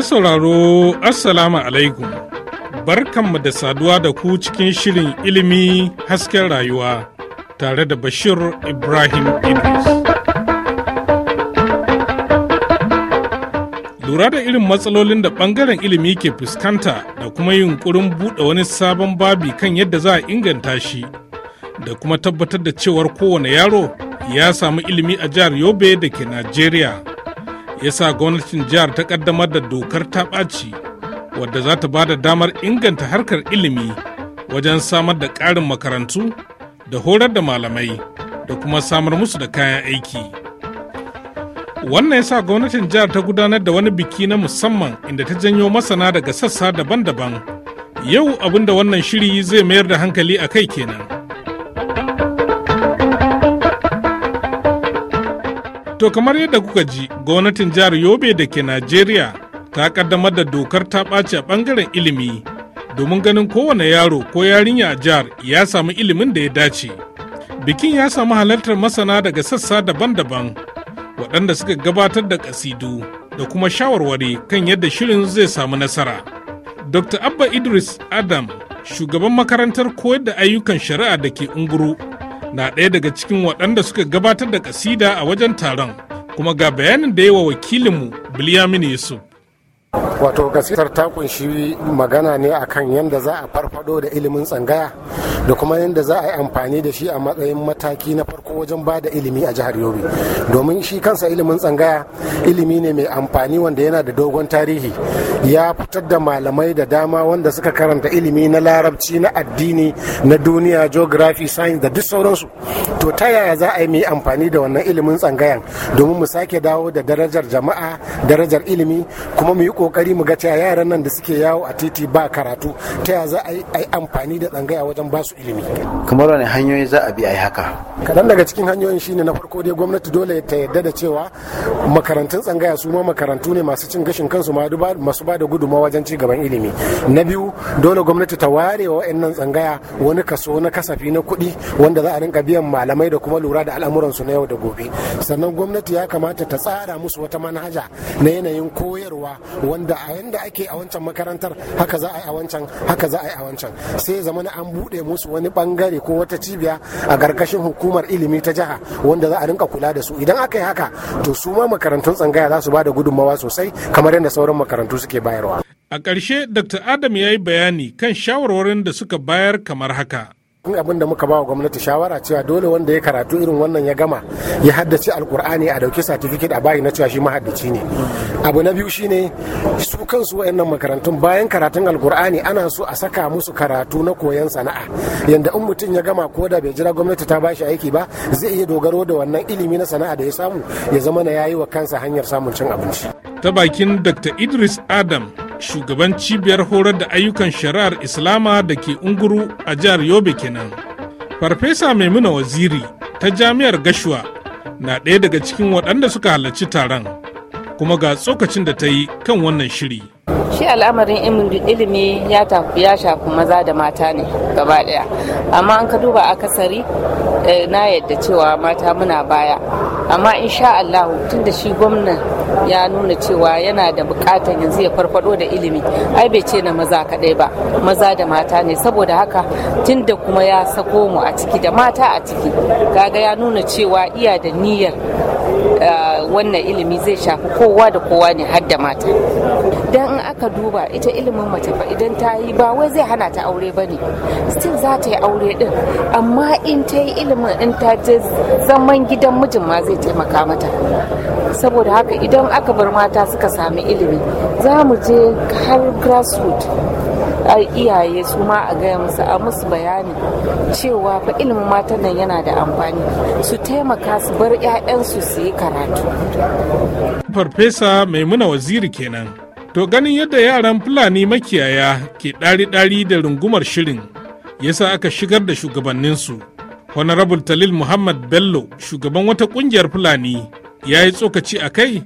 Masu sauraro Assalamu alaikum barkanmu da saduwa da ku cikin shirin ilimi hasken rayuwa tare da Bashir Ibrahim Idris. Lura da irin matsalolin da ɓangaren ilimi ke fuskanta da kuma yunkurin buɗe wani sabon babi kan yadda za a inganta shi da kuma tabbatar da cewar kowane yaro ya samu ilimi a jihar Yobe da ke Najeriya. ya sa gwamnatin jihar ta kaddamar da dokar ta ɓaci wadda za ta ba da damar inganta harkar ilimi wajen samar da ƙarin makarantu da horar da malamai da kuma samar musu da kayan aiki wannan ya sa gwamnatin jihar ta gudanar da wani biki na musamman inda ta janyo masana daga sassa daban-daban yau abinda wannan shiri zai mayar da hankali a kai kenan. To kamar yadda kuka ji gwamnatin jihar Yobe da ke Najeriya ta kaddamar da dokar ta ɓace a ɓangaren ilimi domin ganin kowane yaro ko yarinya a jihar ya samu ilimin da ya dace. Bikin ya samu halartar masana daga sassa daban-daban waɗanda suka gabatar da ƙasidu da kuma shawarwari kan yadda shirin zai samu nasara. Dr. Abba Idris Adam, shugaban makarantar koyar da ayyukan shari'a da ke Unguru, na ɗaya daga cikin waɗanda suka gabatar da ƙasida a wajen taron kuma ga bayanin da yi wa wakilinmu Bilyamini Yusuf. wato gasar ta kunshi magana ne akan yadda za a farfado da ilimin tsangaya da kuma yadda za a yi amfani da shi a matsayin mataki na farko wajen ba da ilimi a jihar yobe domin shi kansa ilimin tsangaya ilimi ne mai amfani wanda yana da dogon tarihi ya fitar da malamai da dama wanda suka karanta ilimi na larabci na addini na duniya geography science da duk sauransu to ta yaya za a yi mai amfani da wannan ilimin tsangayan domin mu sake dawo da darajar jama'a darajar ilimi kuma mu yi kokari mu ga cewa yaran nan da suke yawo a titi ba karatu ta yaya za a yi amfani da tsangaya wajen basu masu ilimi kamar wani hanyoyi za a bi a yi haka kadan daga cikin hanyoyin shine na farko dai gwamnati dole ta yadda da cewa makarantun tsangaya su ma makarantu ne masu cin gashin kansu masu ba da gudunmawa wajen ci gaban ilimi na biyu dole gwamnati ta ware wa wa'annan tsangaya wani kaso na kasafi na kuɗi wanda za a rinka biyan malamai da kuma lura da al'amuran su na yau da gobe sannan gwamnati ya kamata ta tsara musu wata manhaja na yanayin koyarwa wanda a yanda ake a wancan makarantar haka za a yi a wancan haka za a yi a wancan sai zamana an buɗe musu musu wani bangare ko wata cibiya a ƙarƙashin hukumar ilimi ta jiha wanda za a rinka kula da su idan aka yi haka to su ma makarantun tsangaya za su ba da gudunmawa sosai kamar yadda sauran makarantu suke bayarwa a ƙarshe dr adam ya yi bayani kan shawarwarin da suka bayar kamar haka abin da muka ba wa gwamnati shawara cewa dole wanda ya karatu irin wannan ya gama ya haddace alkur'ani a dauki satifiket a bayi na cewa shi mahaddaci ne abu na biyu shine su kansu wayannan makarantun bayan karatun alkur'ani ana so a saka musu karatu na koyon sana'a yanda in mutum ya gama ko da bai jira gwamnati ta bashi aiki ba zai iya dogaro da wannan ilimi na sana'a da ya samu ya zama na yayi wa kansa hanyar samun cin abinci ta bakin dr idris adam shugaban cibiyar horar da ayyukan shari'ar islama da ke unguru a jihar yobe kenan farfesa maimuna waziri ta jami'ar gashuwa na ɗaya daga cikin waɗanda suka halarci taron kuma ga tsokacin da ta yi kan wannan shiri shi al'amarin ilimi ya tafi ya shafi maza da mata ne gaba ɗaya amma an ka duba akasari eh, na yadda cewa mata muna baya amma insha allahu tun da shi gwamnan ya nuna cewa yana da bukatan yanzu ya farfado da ilimi ai bai ce na maza kadai ba maza da mata ne saboda haka tunda kuma ya sako mu a ciki da mata a ciki kaga ya nuna cewa iya da niyyar uh, wannan ilimi zai shafi kowa da kowa ne har da mata dan in aka duba ita ilimin mace fa idan ta yi ba wai zai hana ta aure ba ne still za ta yi aure ɗin, amma in ta yi ilimin in ta je zaman gidan mijin ma zai taimaka mata saboda haka idan aka bar mata suka sami ilimi za mu je har grassroots iyaye su ma a gaya musu a musu bayani cewa fa ilimin matan nan yana da amfani su taimaka su bar 'ya'yansu su yi karatu farfesa maimuna waziri kenan to ganin yadda yaran fulani makiyaya ke ɗari-ɗari da rungumar shirin yasa aka shigar da shugabanninsu honorable talil muhammad bello shugaban wata ƙungiyar fulani ya yi tsokaci a kai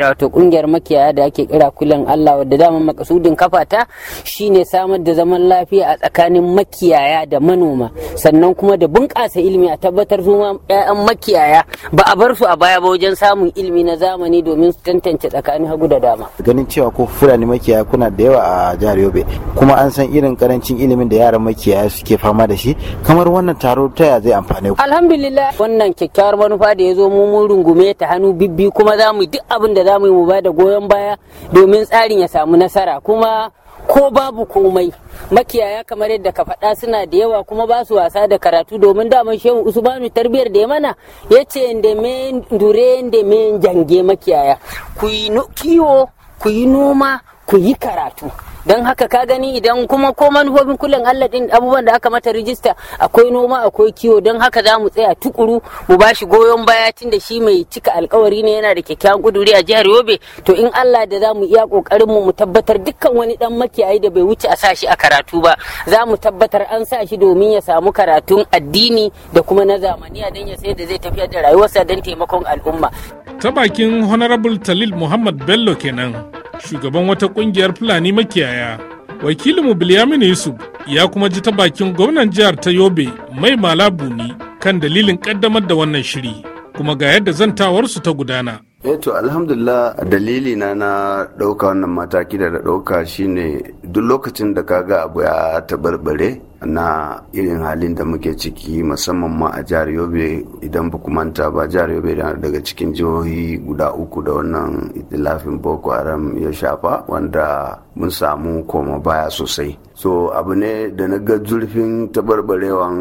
wato kungiyar makiyaya da ake kira kulen Allah wadda dama makasudin kafata shine samar da zaman lafiya a tsakanin makiyaya da manoma sannan kuma da bunƙasa ilimi a tabbatar su ma ƴaƴan makiyaya ba a bar su a baya ba wajen samun ilimi na zamani domin su tantance tsakanin hagu da dama ganin cewa ko fulani makiyaya kuna da yawa a jihar Yobe kuma an san irin karancin ilimin da yaran makiyaya suke fama da shi kamar wannan taro ta ya zai amfane ku alhamdulillah wannan kyakkyawar manufa da ya zo mu mun rungume ta hannu bibbi kuma za mu duk abin da za mu yi mu ba da goyon baya domin tsarin ya samu nasara kuma ko babu komai makiyaya kamar yadda ka faɗa suna da yawa kuma ba su wasa da karatu domin daman shehu usmanu tarbiyar da ya mana ya ce da me dure da me jange makiyaya ku yi kiwo ku yi noma ku yi karatu don haka ka gani idan kuma ko manufofin kullum Allah din abubuwan da aka mata rijista akwai noma akwai kiwo don haka za mu tsaya tukuru mu ba shi goyon baya tun da shi mai cika alkawari ne yana da kyakkyawan kuduri a jihar Yobe to in Allah da za mu iya kokarin mu mu tabbatar dukkan wani dan makiyayi da bai wuce a sa shi a karatu ba za mu tabbatar an sa shi domin ya samu karatun addini da kuma na zamaniya don ya sai da zai tafiyar da rayuwarsa don taimakon al'umma ta bakin honorable Talil Muhammad Bello kenan shugaban wata kungiyar Fulani makiyaya. Wakilinmu Bilyaminu Yusuf ya kuma ji ta bakin gwamnan jihar ta Yobe Mai Malabuni kan dalilin ƙaddamar da wannan shiri, kuma ga yadda zantawarsu ta gudana. eh alhamdulillah dalili na na ɗauka wannan mataki da ɗauka shine duk lokacin da kaga abu ya taɓarɓare na irin halin da muke ciki musamman ma a jihar yobe idan ba manta ba jihar yobe da daga cikin jihohi guda uku da wannan itilafin boko haram ya shafa wanda mun samu koma baya sosai so abu ne da na ga zurfin taɓarɓarewan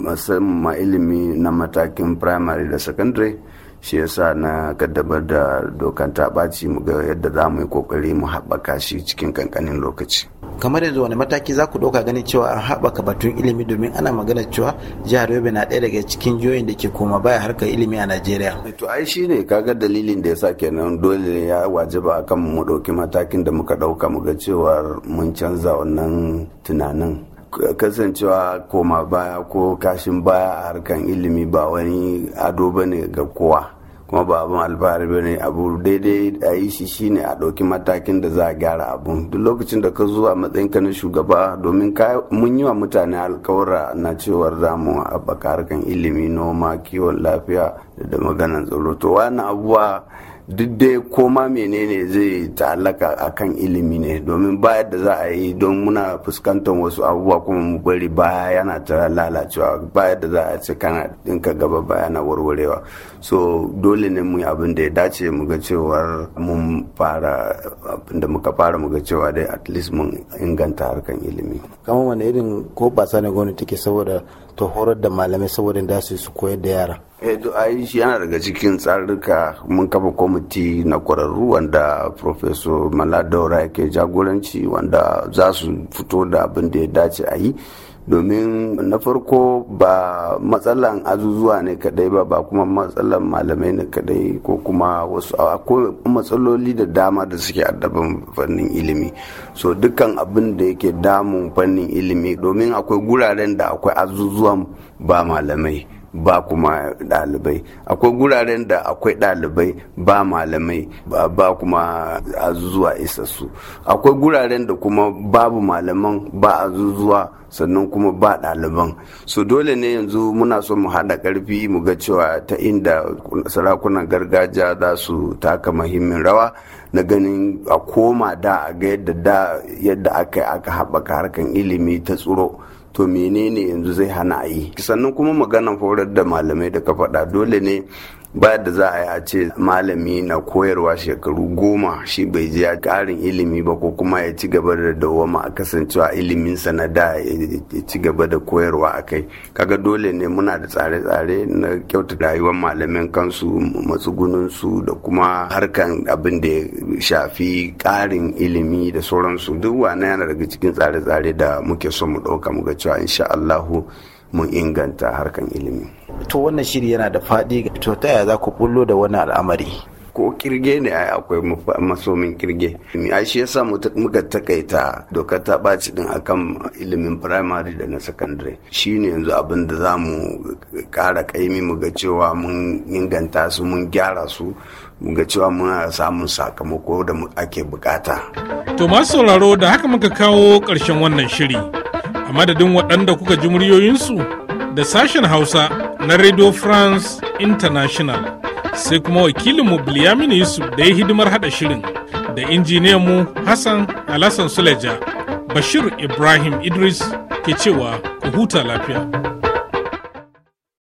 musamman ilimi na matakin primary da secondary shi yasa na kaddabar da dokan ta ɓaci mu ga yadda za mu yi kokari mu haɓaka shi cikin kankanin lokaci kamar yanzu wani mataki za ku ɗauka ganin cewa an haɓaka batun ilimi domin ana magana cewa jihar yobe na ɗaya daga cikin jihohin da ke koma baya harkar ilimi a najeriya to ai shi ne kaga dalilin da ya sa kenan dole ya wajaba akan mu ɗauki matakin da muka ɗauka mu ga cewar mun canza wannan tunanin kasancewa koma baya ko kashin baya a harkan ilimi ba wani ado ba ne ga kowa kuma ba abin alfahari ba ne abu daidai a yi shi ne a ɗauki matakin da za a gyara abun duk lokacin da ka zo a ka na shugaba domin mun yi wa mutane alkawura na cewar zamu haɓaka harkan ilimi noma kiwon lafiya da maganan tsaro to wani abubuwa duk dai koma menene zai ta'allaka a kan ilimi ne domin bayar da za a yi don muna fuskantar wasu abubuwa kuma mu bari baya yana ta lalacewa bayar da za a ce kana ɗinka gaba baya na warwarewa so dole ne mu abin da ya dace mu ga cewar mun fara abin da muka fara mu ga cewa dai at least mun inganta harkan ilimi kamar wani irin ko basa ne gwamnati take saboda to horar da malamai saboda da su su koyar da yara eh to ai shi yana daga cikin tsarurruka mun kafa kwamiti na kwararru wanda professor maladaura yake jagoranci wanda za su fito da abin da ya dace a yi domin na farko ba matsalan azuzuwa ne kadai ba ba kuma matsalan malamai ne kadai ko kuma wasu akwai matsaloli da dama da suke addaban fannin ilimi so dukkan abin da yake damun fannin ilimi domin akwai guraren da akwai azuzuwan ba malamai ba kuma ɗalibai akwai guraren da akwai ɗalibai ba malamai ba kuma azuzuwa isassu akwai guraren da kuma babu malaman ba azuzuwa sannan kuma ba ɗaliban so dole ne yanzu muna so mu haɗa ƙarfi mu ga cewa ta inda sarakunan gargajiya za su taka muhimmin rawa na ganin a koma da a ga yadda da yadda aka aka haɓaka harkan ilimi ta tsoro to menene yanzu zai hana a yi sannan kuma maganan horar da malamai da ka faɗa dole ne ba da za a yi a ce malami na koyarwa shekaru goma shi bai je ya karin ilimi ba ko kuma ya ci gaba da dawama a kasancewa iliminsa na da ya ci gaba da koyarwa a kai kaga dole ne muna da tsare-tsare na kyauta rayuwar malamin kansu matsugunansu da kuma harkan abin da ya shafi karin ilimi da sauransu duk wannan yana daga cikin tsare-tsare da muke so mu ɗauka ga cewa insha'Allahu. mun inganta harkan ilimi. To wannan shiri yana da faɗi to ta yaya za ku bullo da wani al'amari? ko kirge ne ai akwai masomin kirge ai shi yasa muka takaita doka ta ɓaci din akan ilimin primary da na secondary ne yanzu abin da za mu ƙara kaimi mu ga cewa mun inganta su mun gyara su mun ga cewa muna samun sakamako da ake bukata to masu sauraro da haka muka kawo ƙarshen wannan shiri a madadin waɗanda kuka ji muryoyinsu da sashen hausa na radio france international sai kuma wakilinmu bilyamin yusuf da ya hidimar hada shirin da injiniyanmu hassan alassan suleja bashir ibrahim idris ke cewa ku huta lafiya